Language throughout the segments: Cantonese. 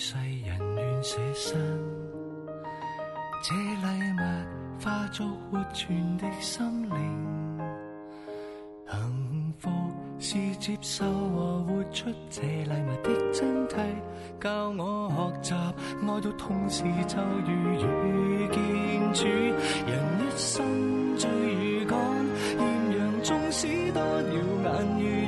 世人願捨身，這禮物化作活泉的心靈。幸福是接受和活出這禮物的真諦，教我學習愛到同時就如遇見主。人一生最勇敢，豔陽縱使多了耀眼。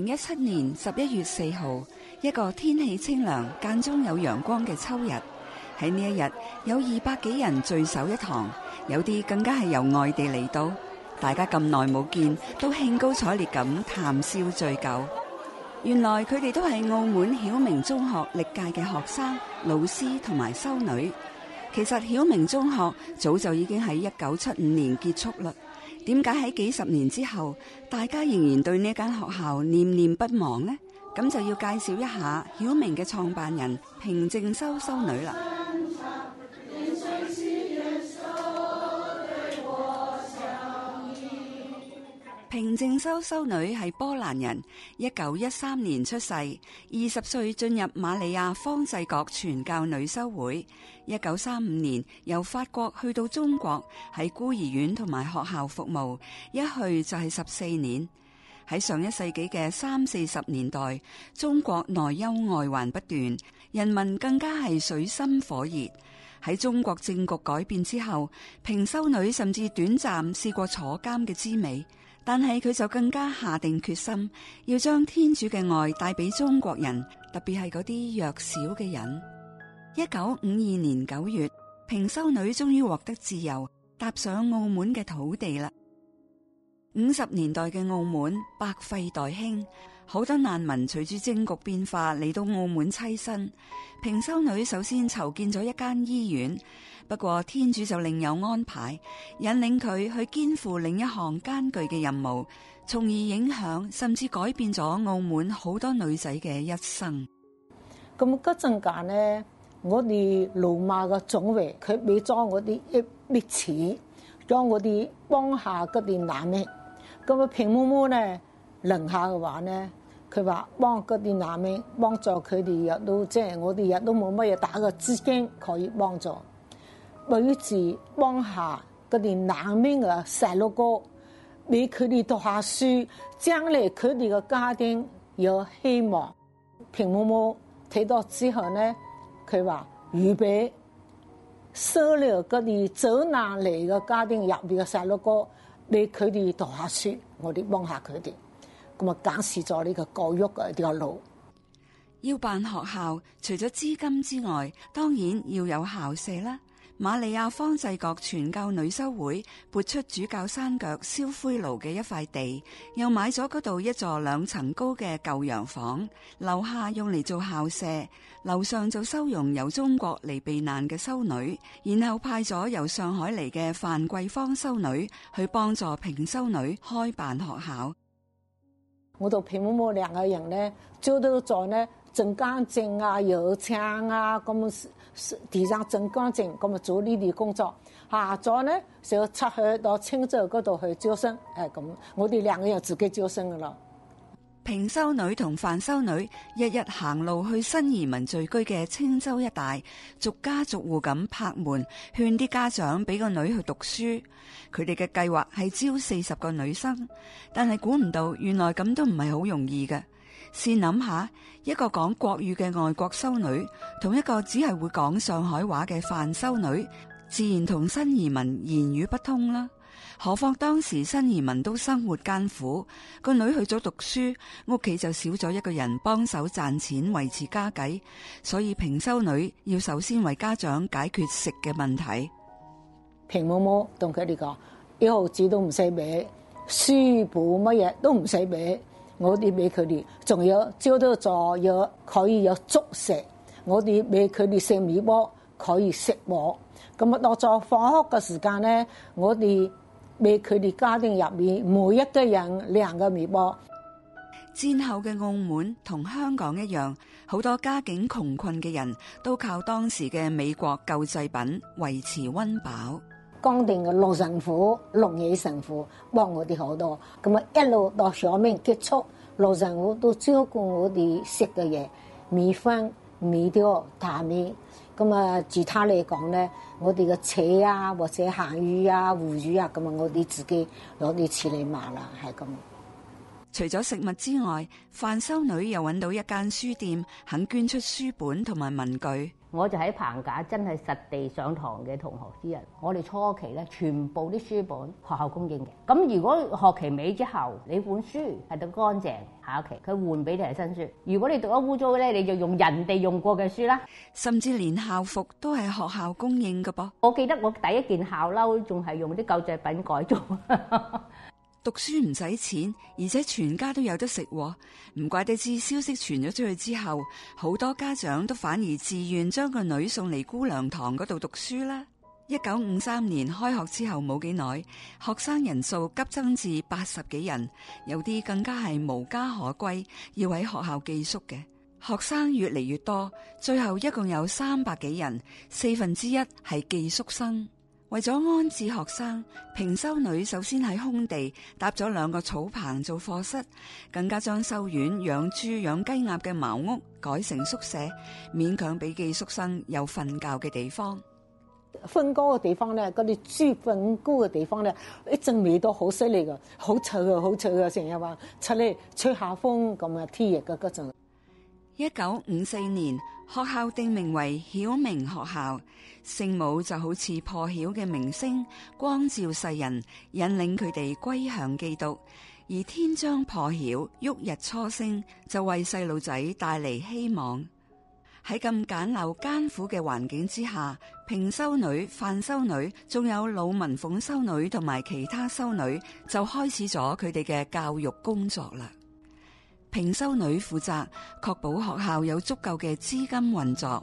二零一七年十一月四號，一個天氣清涼、間中有陽光嘅秋日，喺呢一日有二百幾人聚首一堂，有啲更加係由外地嚟到，大家咁耐冇見，都興高采烈咁談笑敘舊。原來佢哋都係澳門曉明中學歷屆嘅學生、老師同埋修女。其實曉明中學早就已經喺一九七五年結束了。點解喺幾十年之後，大家仍然對呢間學校念念不忘呢？咁就要介紹一下曉明嘅創辦人，平靜修修女啦。平靜修修女係波蘭人，一九一三年出世，二十歲進入瑪利亞方濟國傳教女修會。一九三五年由法國去到中國，喺孤兒院同埋學校服務，一去就係十四年。喺上一世紀嘅三四十年代，中國內憂外患不斷，人民更加係水深火熱。喺中國政局改變之後，平修女甚至短暫試過坐監嘅滋味。但係佢就更加下定決心，要將天主嘅愛帶俾中國人，特別係嗰啲弱小嘅人。一九五二年九月，平修女終於獲得自由，踏上澳門嘅土地啦。五十年代嘅澳門，百廢待興。好多難民隨住政局變化嚟到澳門棲身，平修女首先籌建咗一間醫院，不過天主就另有安排，引領佢去肩負另一項艱巨嘅任務，從而影響甚至改變咗澳門好多女仔嘅一生。咁嗰陣間咧，我哋羅馬嘅總會佢俾裝嗰啲一啲錢，裝嗰啲幫下嗰啲難呢，咁啊平媽媽呢，零下嘅話呢。佢話幫嗰啲難民，幫助佢哋，也都即係、就是、我哋也都冇乜嘢大嘅資金可以幫助，於是幫下嗰啲難民嘅細路哥，俾佢哋讀下書，將來佢哋嘅家庭有希望。平媽媽睇到之後呢，佢話預備收留嗰啲走難嚟嘅家庭入面嘅細路哥，俾佢哋讀下書，我哋幫下佢哋。咁啊，假設咗呢個教育嘅條路。要辦學校，除咗資金之外，當然要有校舍啦。瑪利亞方濟各傳教女修會撥出主教山腳燒灰爐嘅一塊地，又買咗嗰度一座兩層高嘅舊洋房，樓下用嚟做校舍，樓上就收容由中國嚟避難嘅修女，然後派咗由上海嚟嘅范桂芳修女去幫助平修女開辦學校。我同平媽媽兩個人咧，朝頭早咧整乾淨啊，油槍啊，咁樣是是地上整乾淨，咁樣做呢啲工作。下晝咧就出去到青州嗰度去招生，誒、哎、咁，我哋兩個人自己招生噶咯。平修女同范修女日日行路去新移民聚居嘅青州一帶，逐家逐戶咁拍門，勸啲家長俾個女去讀書。佢哋嘅計劃係招四十個女生，但係估唔到原來咁都唔係好容易嘅。試諗下，一個講國語嘅外國修女，同一個只係會講上海話嘅范修女，自然同新移民言語不通啦。何況當時新移民都生活艱苦，個女去咗讀書，屋企就少咗一個人幫手賺錢維持家計，所以平修女要首先為家長解決食嘅問題。平毛毛同佢哋講，一毫紙都唔使俾，書本乜嘢都唔使俾，我哋俾佢哋，仲有朝到坐有佢，就要可以有粥食，我哋俾佢哋食米波，可以食我。咁啊，落咗放學嘅時間咧，我哋。俾佢哋家庭入面每一個人兩個麵包。戰後嘅澳門同香港一樣，好多家境窮困嘅人都靠當時嘅美國救濟品維持溫飽。當地嘅陸神父、陸野神父幫我哋好多，咁啊一路到上面結束，陸神父都照顧我哋食嘅嘢，米飯、麵條、大米。咁啊，自他嚟講咧，我哋嘅扯啊，或者咸魚啊、腐魚啊，咁啊，我哋自己攞啲錢嚟買啦，係咁。除咗食物之外，范修女又搵到一間書店，肯捐出書本同埋文具。我就喺棚架，真係實地上堂嘅同學之一。我哋初期咧，全部啲書本是學校供應嘅。咁如果學期尾之後，你本書係讀乾淨，下一期佢換俾你係新書。如果你讀咗污糟嘅咧，你就用人哋用過嘅書啦。甚至連校服都係學校供應嘅噃。我記得我第一件校褸仲係用啲救濟品改造。讀書唔使錢，而且全家都有得食，唔怪得知消息傳咗出去之後，好多家長都反而自願將個女送嚟姑娘堂嗰度讀書啦。一九五三年開學之後冇幾耐，學生人數急增至八十幾人，有啲更加係無家可歸，要喺學校寄宿嘅。學生越嚟越多，最後一共有三百幾人，四分之一係寄宿生。為咗安置學生，平修女首先喺空地搭咗兩個草棚做課室，更加將修院養豬養雞鴨嘅茅屋改成宿舍，勉強俾寄宿生有瞓覺嘅地方。瞓高嘅地方咧，嗰啲豬瞓高嘅地方咧，一陣味都好犀利噶，好臭噶，好臭噶，成日話出嚟吹下風咁啊，的天熱嗰嗰陣。一九五四年。學校定名為曉明學校，聖母就好似破曉嘅明星，光照世人，引領佢哋歸向基督。而天將破曉，旭日初升，就為細路仔帶嚟希望。喺咁簡陋艱苦嘅環境之下，平修女、范修女，仲有老文鳳修女同埋其他修女，就開始咗佢哋嘅教育工作啦。平修女負責確保學校有足夠嘅資金運作，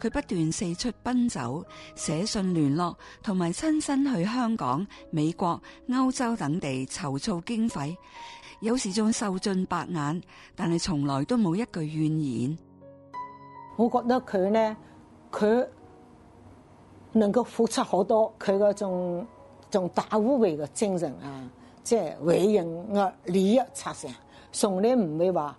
佢不斷四出奔走、寫信聯絡，同埋親身去香港、美國、歐洲等地籌措經費，有時仲受盡白眼，但係從來都冇一句怨言。我覺得佢呢，佢能夠付出好多，佢個仲仲大無畏嘅精神啊，即係為人啊，利益着想。崇你唔會話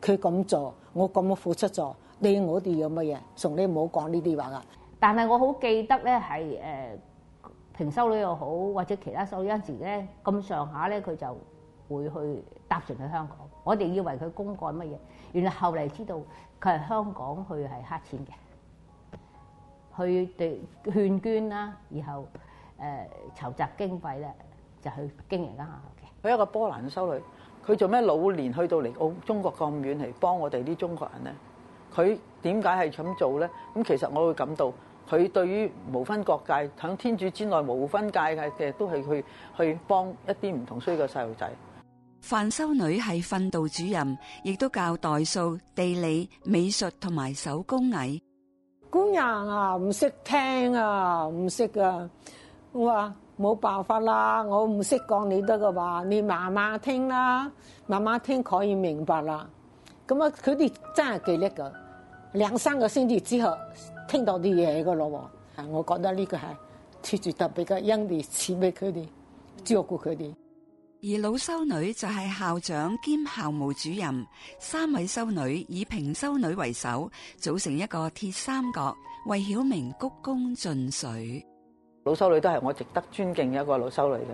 佢咁做，我咁樣付出咗，你我哋有乜嘢？崇你唔好講呢啲話噶。但係我好記得咧，係、呃、誒平修女又好，或者其他修女嗰陣時咧，咁上下咧，佢就會去搭船去香港。我哋以為佢公幹乜嘢，原來後嚟知道佢係香港去係黑錢嘅，去對勸捐啦，然後誒、呃、籌集經費咧，就去經營間學校嘅。佢一個波蘭修女。佢做咩老年去到嚟澳中國咁遠嚟幫我哋啲中國人咧？佢點解係咁做咧？咁其實我會感到佢對於無分國界，喺天主之內無分界嘅嘅都係去去幫一啲唔同需要嘅細路仔。范修女係訓導主任，亦都教代數、地理、美術同埋手工藝。姑娘啊，唔識聽啊，唔識啊，我冇辦法啦，我唔識講你得嘅話，你慢慢聽啦，慢慢聽可以明白啦。咁啊，佢哋真係幾叻噶，兩三個星期之後聽到啲嘢嘅咯喎，我覺得呢個係脫住特別嘅恩義，賜俾佢哋照顧佢哋。而老修女就係校長兼校務主任，三位修女以平修女為首，組成一個鐵三角，為曉明鞠躬盡瘁。老修女都係我值得尊敬嘅一個老修女嘅，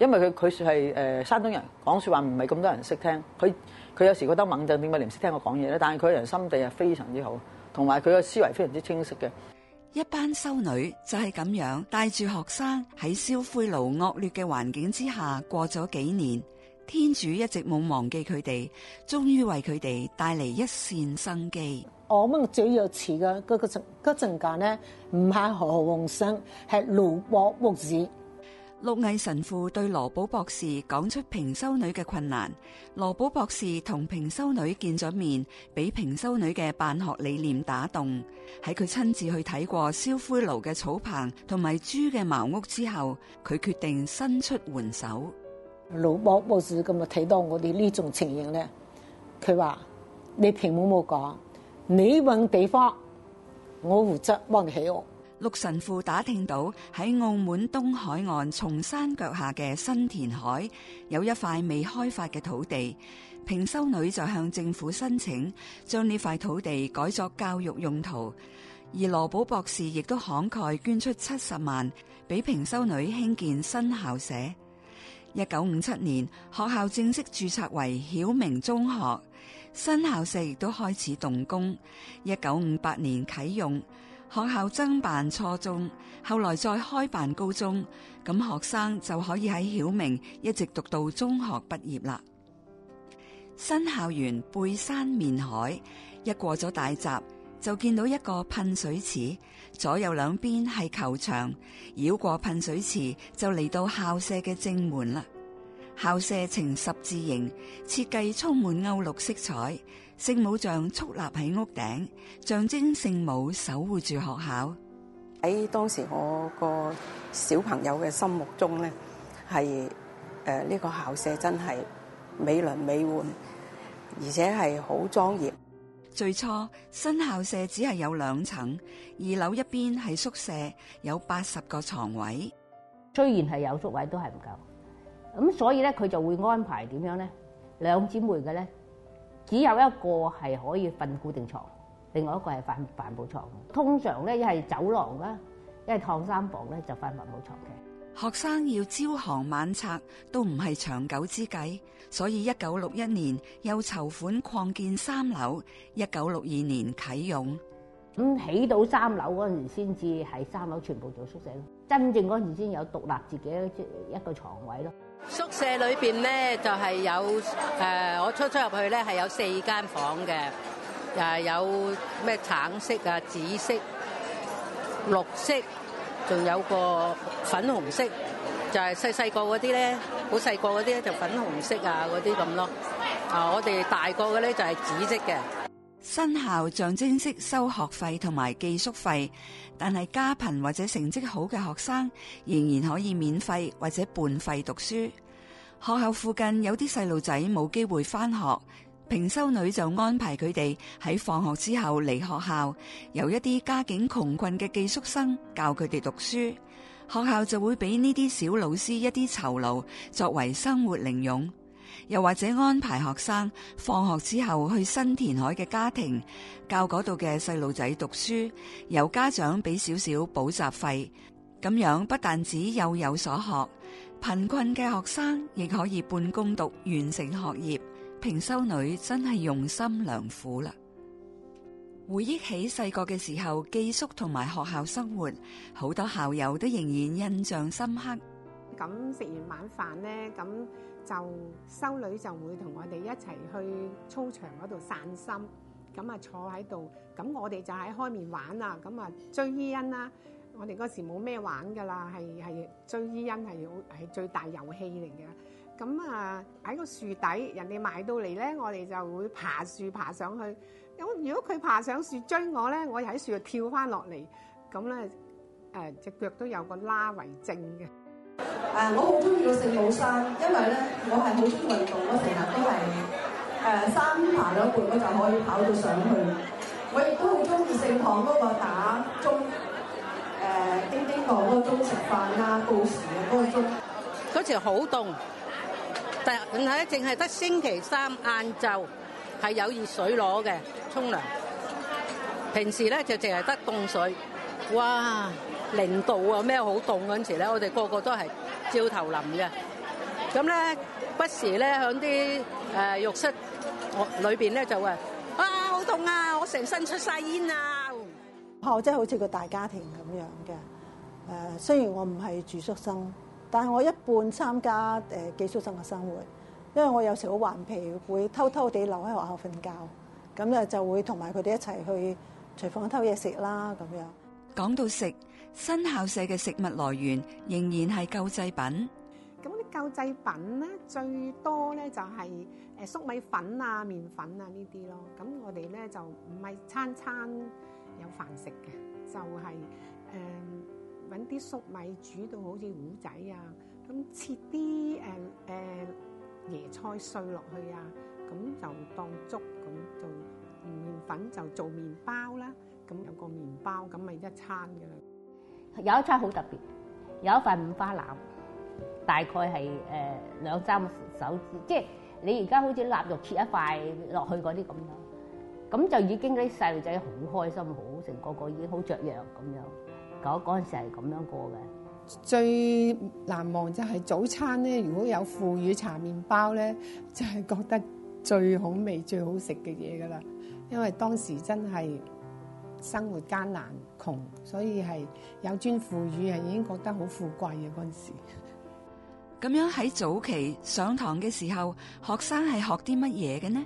因為佢佢係誒山東人，講說話唔係咁多人識聽，佢佢有時候覺得猛震點解你唔識聽我講嘢咧？但係佢人心地係非常之好，同埋佢嘅思維非常之清晰嘅。一班修女就係咁樣帶住學生喺燒灰爐惡劣嘅環境之下過咗幾年，天主一直冇忘記佢哋，終於為佢哋帶嚟一線生機。我們最有錢嘅嗰個嗰陣間咧，唔、那、係、個、何鴻燊，係羅寶博士。陸、那個、毅神父對羅寶博士講出平修女嘅困難，羅寶博士同平修女見咗面，俾平修女嘅辦學理念打動。喺佢親自去睇過燒灰爐嘅草棚同埋豬嘅茅屋之後，佢決定伸出援手。羅寶博士今日睇到我哋呢種情形咧，佢話：你平冇冇講？你揾地方，我負責幫你起屋。陸神父打聽到喺澳門東海岸松山腳下嘅新田海有一塊未開發嘅土地，平修女就向政府申請將呢塊土地改作教育用途，而羅寶博士亦都慷慨捐出七十萬俾平修女興建新校舍。一九五七年，學校正式注冊為曉明中學。新校舍亦都開始動工，一九五八年啟用。學校增辦初中，後來再開辦高中，咁學生就可以喺曉明一直讀到中學畢業啦。新校園背山面海，一過咗大閘，就見到一個噴水池，左右兩邊係球場，繞過噴水池就嚟到校舍嘅正門啦。校舍呈十字形設計，充滿歐陸色彩。聖母像矗立喺屋頂，象徵聖母守護住學校。喺當時我個小朋友嘅心目中咧，係誒呢個校舍真係美輪美奐，而且係好莊嚴。最初新校舍只係有兩層，二樓一邊係宿舍，有八十個床位。雖然係有宿位，都係唔夠。咁所以咧，佢就會安排點樣咧？兩姊妹嘅咧，只有一個係可以瞓固定床，另外一個係瞓帆布牀。通常咧，一係走廊啦，一係燙衫房咧，就瞓帆布牀嘅。學生要朝行晚拆都唔係長久之計，所以一九六一年又籌款擴建三樓，一九六二年啟用。咁起到三樓嗰陣時，先至係三樓全部做宿舍咯。真正嗰陣時先有獨立自己一一個床位咯。宿舍裏邊咧就係有誒，我出出入去咧係有四間房嘅，啊有咩橙色啊、紫色、綠色，仲有個粉紅色，就係細細個嗰啲咧，好細個嗰啲咧就粉紅色啊嗰啲咁咯。啊，我哋大個嘅咧就係紫色嘅。新校象徵式收學費同埋寄宿費，但係家貧或者成績好嘅學生仍然可以免費或者半費讀書。學校附近有啲細路仔冇機會返學，平修女就安排佢哋喺放學之後嚟學校，由一啲家境窮困嘅寄宿生教佢哋讀書。學校就會俾呢啲小老師一啲酬勞，作為生活零用。又或者安排學生放學之後去新田海嘅家庭教嗰度嘅細路仔讀書，由家長俾少少補習費，咁樣不但止又有所學，貧困嘅學生亦可以半工讀完成學業。平修女真係用心良苦啦！回憶起細個嘅時候寄宿同埋學校生活，好多校友都仍然印象深刻。咁食完晚飯呢？咁就修女就會同我哋一齊去操場嗰度散心，咁啊坐喺度，咁我哋就喺開面玩啦，咁啊追伊人啦。我哋嗰時冇咩玩㗎喇，係係追伊人係係最大遊戲嚟嘅。咁啊喺個樹底，人哋買到嚟咧，我哋就會爬樹爬上去。咁如果佢爬上樹追我咧，我又喺樹度跳翻落嚟，咁咧誒隻腳都有個拉為證嘅。誒，我好中意個聖母山，因為咧，我係好中意運動咯，我成日都係誒三爬兩半咯我就可以跑到上去。我亦都好中意聖堂嗰個打鐘，誒叮叮噹嗰個鐘食飯啊報時嘅嗰個鐘。嗰時好凍，但係淨係得星期三晏晝係有熱水攞嘅沖涼，平時咧就淨係得凍水，哇！零度啊，咩好凍嗰陣時咧，我哋個個都係照頭淋嘅。咁咧不時咧響啲誒浴室裏邊咧就話：啊，好凍啊！我成身出晒煙啊！學校真係好似個大家庭咁樣嘅。誒，雖然我唔係住宿生，但係我一半參加誒寄宿生嘅生活，因為我有時好頑皮，會偷偷地留喺學校瞓覺。咁咧就會同埋佢哋一齊去廚房偷嘢食啦。咁樣講到食。新校舍嘅食物來源仍然係救濟品。咁啲救濟品咧，最多咧就係誒粟米粉啊、麵粉啊呢啲咯。咁我哋咧就唔係餐餐有飯食嘅，就係誒揾啲粟米煮到好似糊仔啊，咁切啲誒誒椰菜碎落去啊，咁就當粥。咁做麵粉就做麵包啦。咁有個麵包咁咪一餐嘅啦。有一餐好特別，有一塊五花腩，大概係誒、呃、兩三手指，即係你而家好似臘肉切一塊落去嗰啲咁樣，咁就已經啲細路仔好開心，好成個個已經好雀躍咁樣，嗰嗰陣時係咁樣過嘅。最難忘就係早餐咧，如果有腐乳茶麵包咧，就係、是、覺得最好味、最好食嘅嘢噶啦，因為當時真係。生活艱難窮，所以係有尊富裕啊，已經覺得好富貴嘅嗰陣時。咁樣喺早期上堂嘅時候，學生係學啲乜嘢嘅呢？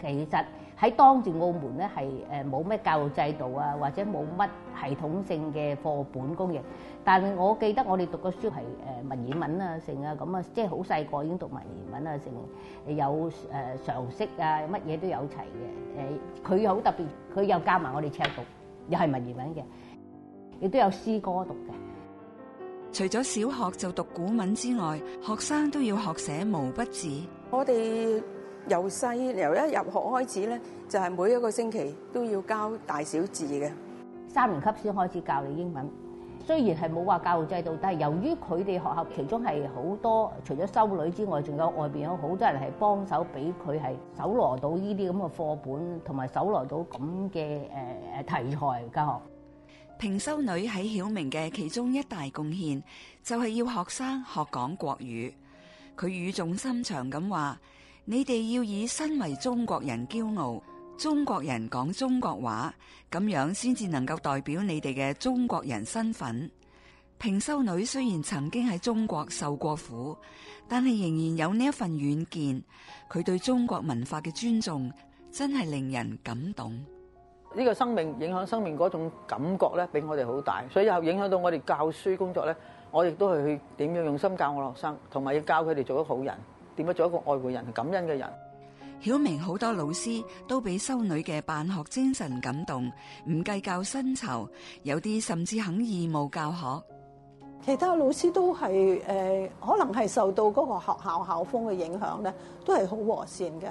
其實。喺當年澳門咧係誒冇咩教育制度啊，或者冇乜系統性嘅課本供應。但係我記得我哋讀嘅書係誒文言文啊，成啊咁啊，即係好細個已經讀文言文啊，成有誒常識啊，乜嘢都有齊嘅。誒佢又好特別，佢又加埋我哋唱讀，又係文言文嘅，亦都有詩歌讀嘅。除咗小學就讀古文之外，學生都要學寫毛筆字。我哋。由細由一入學開始咧，就係、是、每一個星期都要教大小字嘅。三年級先開始教你英文，雖然係冇話教育制度，但係由於佢哋學校其中係好多除咗修女之外，仲有外邊有好多人係幫手，俾佢係搜羅到呢啲咁嘅課本，同埋搜羅到咁嘅誒誒題材教學。平修女喺曉明嘅其中一大貢獻，就係、是、要學生學講國語。佢語重心長咁話。你哋要以身為中國人驕傲，中國人講中國話，咁樣先至能夠代表你哋嘅中國人身份。平修女雖然曾經喺中國受過苦，但係仍然有呢一份遠見，佢對中國文化嘅尊重真係令人感動。呢個生命影響生命嗰種感覺咧，俾我哋好大，所以又影響到我哋教書工作咧。我亦都係去點樣用心教我學生，同埋要教佢哋做一個好人。點樣做一個愛護人、感恩嘅人？曉明好多老師都俾修女嘅辦學精神感動，唔計較薪酬，有啲甚至肯義務教學。其他老師都係誒，可能係受到嗰個學校校風嘅影響咧，都係好和善嘅。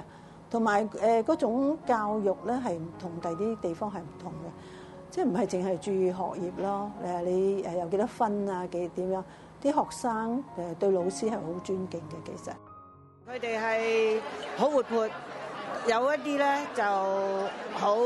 同埋誒嗰種教育咧，係唔同第啲地方係唔同嘅，即係唔係淨係注意學業咯？誒，你誒有幾多分啊？幾點樣？啲學生誒對老師係好尊敬嘅，其實。佢哋係好活潑，有一啲咧就好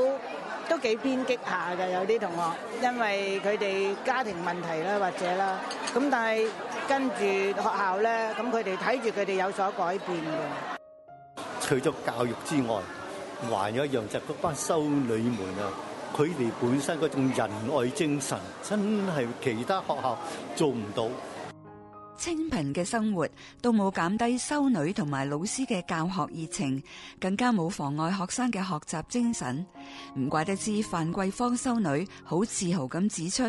都幾偏激下嘅，有啲同學，因為佢哋家庭問題啦或者啦，咁但係跟住學校咧，咁佢哋睇住佢哋有所改變嘅。除咗教育之外，還有一樣就嗰班修女們啊，佢哋本身嗰種仁愛精神，真係其他學校做唔到。清貧嘅生活都冇減低修女同埋老師嘅教學熱情，更加冇妨礙學生嘅學習精神。唔怪得知范桂芳修女好自豪咁指出，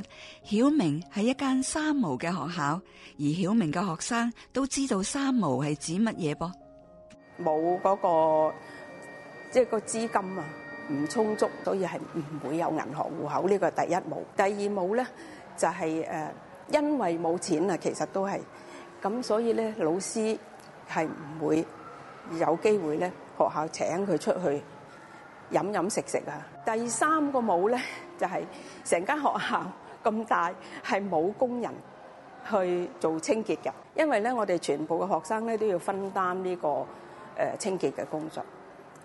曉明係一間三毛嘅學校，而曉明嘅學生都知道三毛係指乜嘢噃。冇嗰個即係、就是、個資金啊，唔充足，所以係唔會有銀行戶口呢、這個第一冇，第二冇咧就係誒，因為冇錢啊，其實都係。咁所以咧，老師係唔會有機會咧，學校請佢出去飲飲食食啊。第三個冇咧，就係成間學校咁大係冇工人去做清潔嘅，因為咧我哋全部嘅學生咧都要分擔呢個誒清潔嘅工作，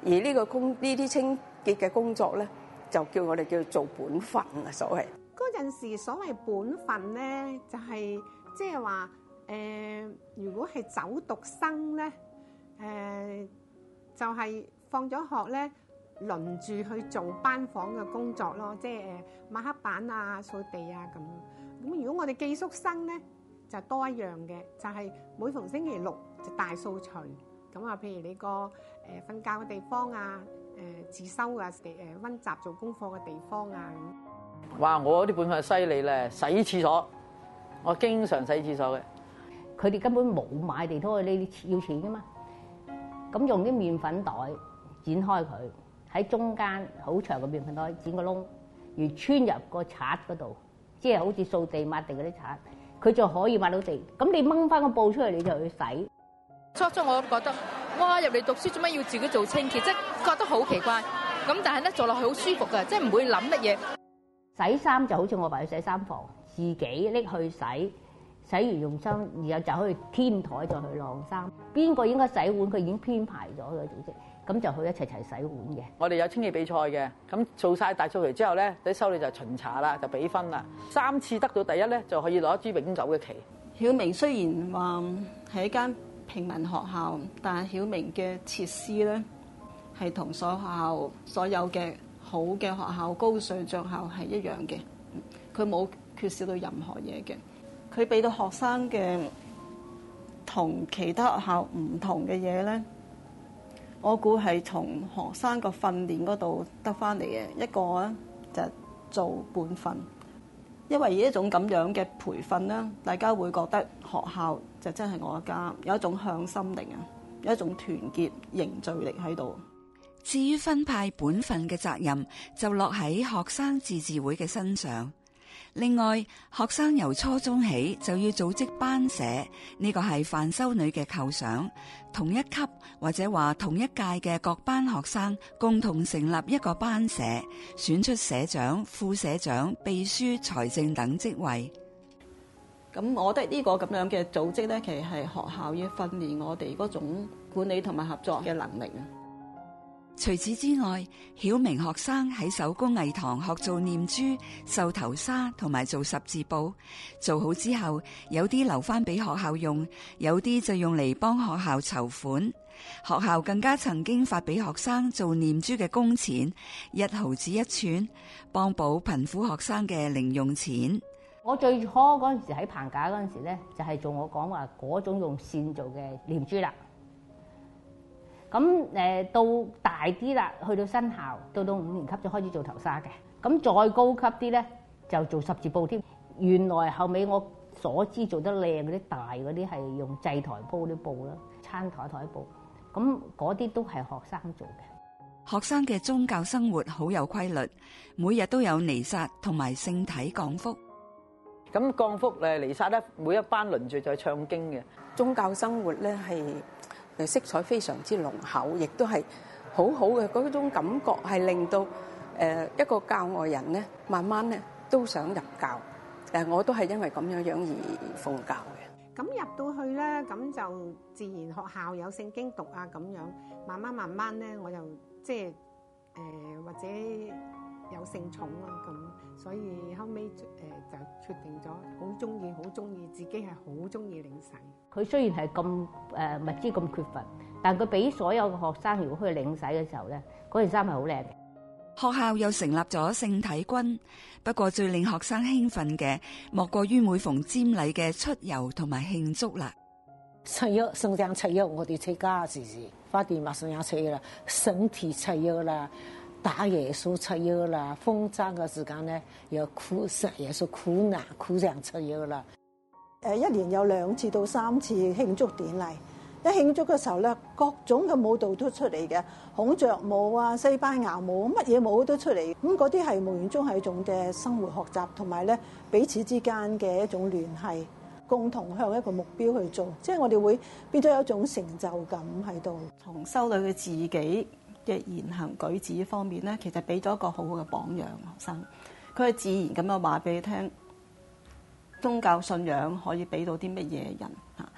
而呢個工呢啲清潔嘅工作咧，就叫我哋叫做做本分啊，所謂。嗰陣時所謂本分咧，就係即係話。誒，如果係走讀生咧，誒就係放咗學咧，輪住去做班房嘅工作咯，即係誒抹黑板啊、掃地啊咁。咁如果我哋寄宿生咧，就多一樣嘅，就係每逢星期六就大掃除。咁啊，譬如你個誒瞓覺嘅地方啊，誒自修啊誒温習做功課嘅地方啊咁。哇！我啲本分係犀利咧，洗廁所，我經常洗廁所嘅。佢哋根本冇買地拖去呢啲要錢噶嘛，咁用啲麵粉袋剪開佢，喺中間好長嘅麵粉袋剪個窿，而穿入個刷嗰度，即係好似掃地抹地嗰啲刷，佢就可以抹到地。咁你掹翻個布出嚟你就去洗。初初我都覺得，哇！入嚟讀書做乜要自己做清潔，即係覺得好奇怪。咁但係咧做落去好舒服噶，即係唔會諗乜嘢。洗衫就好似我話嘅洗衫房，自己拎去洗。洗完用衫，然後就可以去天台再去晾衫。邊個應該洗碗，佢已經編排咗嘅組織，咁就去一齊齊洗碗嘅。我哋有清氣比賽嘅，咁做晒大掃除之後咧，你收尾就巡查啦，就俾分啦。三次得到第一咧，就可以攞一支永久嘅旗。曉明雖然話係一間平民學校，但係曉明嘅設施咧係同所學校所有嘅好嘅學校、高水上著校係一樣嘅，佢冇缺少到任何嘢嘅。佢俾到學生嘅同其他學校唔同嘅嘢呢，我估係從學生個訓練嗰度得翻嚟嘅。一個呢，就做本分，因為一種咁樣嘅培訓呢，大家會覺得學校就真係我一家，有一種向心力啊，有一種團結凝聚力喺度。至於分派本分嘅責任，就落喺學生自治會嘅身上。另外，學生由初中起就要組織班社，呢、這個係范修女嘅構想。同一級或者話同一屆嘅各班學生共同成立一個班社，選出社長、副社長、秘書、財政等職位。咁，我覺得呢個咁樣嘅組織咧，其實係學校要訓練我哋嗰種管理同埋合作嘅能力啊。除此之外，曉明學生喺手工藝堂學做念珠、繡頭紗同埋做十字布。做好之後，有啲留翻俾學校用，有啲就用嚟幫學校籌款。學校更加曾經發俾學生做念珠嘅工錢，一毫子一串，幫補貧苦學生嘅零用錢。我最初嗰陣時喺棚架嗰陣時咧，就係、是、做我講話嗰種用線做嘅念珠啦。咁誒到大啲啦，去到新校，到到五年級就開始做頭紗嘅。咁再高級啲咧，就做十字布添。原來後尾我所知做得靚嗰啲大嗰啲係用祭台鋪啲布啦，餐台台布。咁嗰啲都係學生做嘅。學生嘅宗教生活好有規律，每日都有彌撒同埋聖體降福。咁降福咧，彌撒咧，每一班輪住就唱經嘅。宗教生活咧係。誒色彩非常之濃厚，亦都係好好嘅嗰種感覺，係令到誒一個教外人咧，慢慢咧都想入教。誒，我都係因為咁樣樣而奉教嘅。咁入到去咧，咁就自然學校有聖經讀啊，咁樣慢慢慢慢咧，我就即係誒或者。有性重啊，咁，所以後尾誒就決定咗好中意，好中意自己係好中意領洗。佢雖然係咁誒物資咁缺乏，但佢俾所有嘅學生如果去領洗嘅時候咧，嗰件衫係好靚嘅。學校又成立咗聖體軍，不過最令學生興奮嘅，莫過於每逢瞻禮嘅出遊同埋慶祝啦。出遊，新疆出遊，我哋參加次次，發電嘛，新疆出遊啦，聖體出遊啦。打耶穌出遊啦，風箏嘅時間咧，又苦神，耶穌苦牙苦難出遊啦。誒，一年有兩次到三次慶祝典禮。一慶祝嘅時候咧，各種嘅舞蹈都出嚟嘅，孔雀舞啊、西班牙舞、乜嘢舞都出嚟。咁嗰啲係無形中係一種嘅生活學習，同埋咧彼此之間嘅一種聯繫，共同向一個目標去做，即係我哋會變咗有一種成就感喺度。同修女嘅自己。嘅言行舉止方面咧，其實俾咗一個好好嘅榜樣，學生。佢係自然咁樣話俾你聽，宗教信仰可以俾到啲乜嘢人嚇？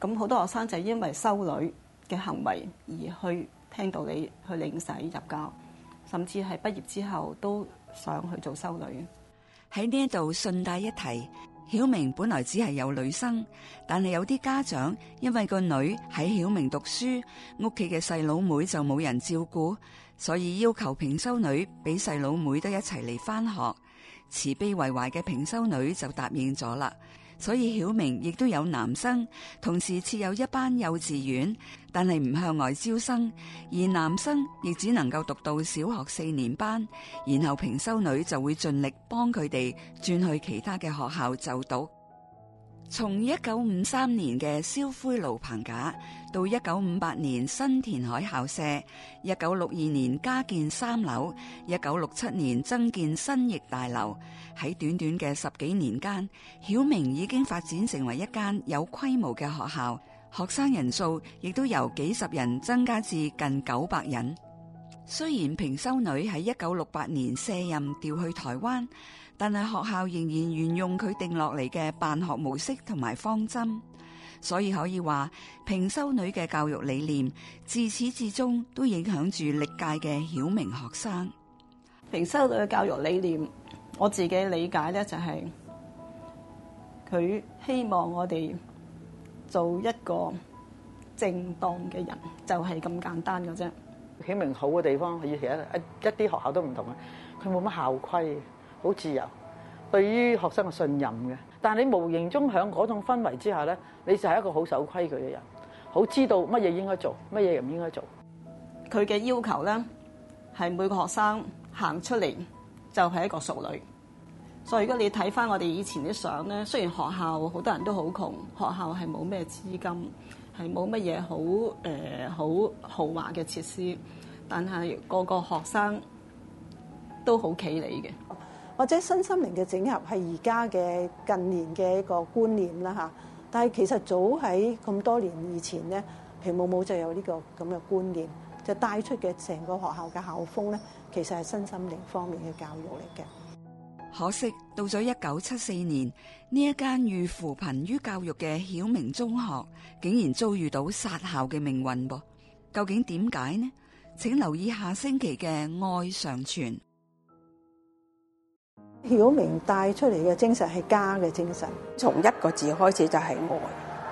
咁好多學生就因為修女嘅行為而去聽道理，去領洗入教，甚至係畢業之後都想去做修女。喺呢一度，順帶一提。曉明本來只係有女生，但係有啲家長因為個女喺曉明讀書，屋企嘅細佬妹就冇人照顧，所以要求平修女俾細佬妹都一齊嚟翻學。慈悲為懷嘅平修女就答應咗啦。所以曉明亦都有男生，同時設有一班幼稚園，但係唔向外招生，而男生亦只能夠讀到小學四年班，然後平修女就會盡力幫佢哋轉去其他嘅學校就讀。從一九五三年嘅燒灰爐棚架，到一九五八年新填海校舍，一九六二年加建三樓，一九六七年增建新翼大樓。喺短短嘅十幾年間，曉明已經發展成為一間有規模嘅學校，學生人數亦都由幾十人增加至近九百人。雖然平修女喺一九六八年卸任調去台灣，但係學校仍然沿用佢定落嚟嘅辦學模式同埋方針，所以可以話平修女嘅教育理念自始至終都影響住歷屆嘅曉明學生。平修女嘅教育理念，我自己理解咧就係佢希望我哋做一個正當嘅人，就係咁簡單嘅啫。起名好嘅地方，與其他一一啲學校都唔同啊，佢冇乜校規，好自由，對於學生嘅信任嘅。但係你無形中響嗰種氛圍之下咧，你就係一個好守規矩嘅人，好知道乜嘢應該做，乜嘢又唔應該做。佢嘅要求咧，係每個學生行出嚟就係一個淑女。所以如果你睇翻我哋以前啲相咧，雖然學校好多人都好窮，學校係冇咩資金，係冇乜嘢好誒好豪華嘅設施，但係個個學生都好企理嘅。或者身心靈嘅整合係而家嘅近年嘅一個觀念啦嚇，但係其實早喺咁多年以前咧，平冇冇就有呢、這個咁嘅觀念，就帶出嘅成個學校嘅校風咧，其實係身心靈方面嘅教育嚟嘅。可惜到咗一九七四年，呢一間寓扶貧於教育嘅曉明中學，竟然遭遇到殺校嘅命運噃。究竟點解呢？請留意下星期嘅愛常存。曉明帶出嚟嘅精神係家嘅精神，從一個字開始就係愛，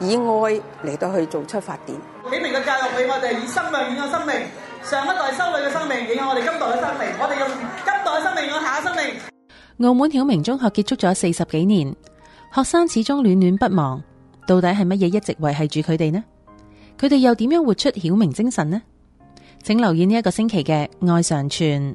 以愛嚟到去做出發點。曉明嘅教育畀我哋以生命影響生命，上一代修女嘅生命影響我哋今代嘅生命，我哋用今代嘅生命去澳門曉明中學結束咗四十幾年，學生始終戀戀不忘。到底係乜嘢一直維繫住佢哋呢？佢哋又點樣活出曉明精神呢？請留意呢一個星期嘅愛常傳。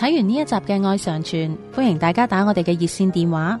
睇完呢一集嘅愛常傳，歡迎大家打我哋嘅熱線電話。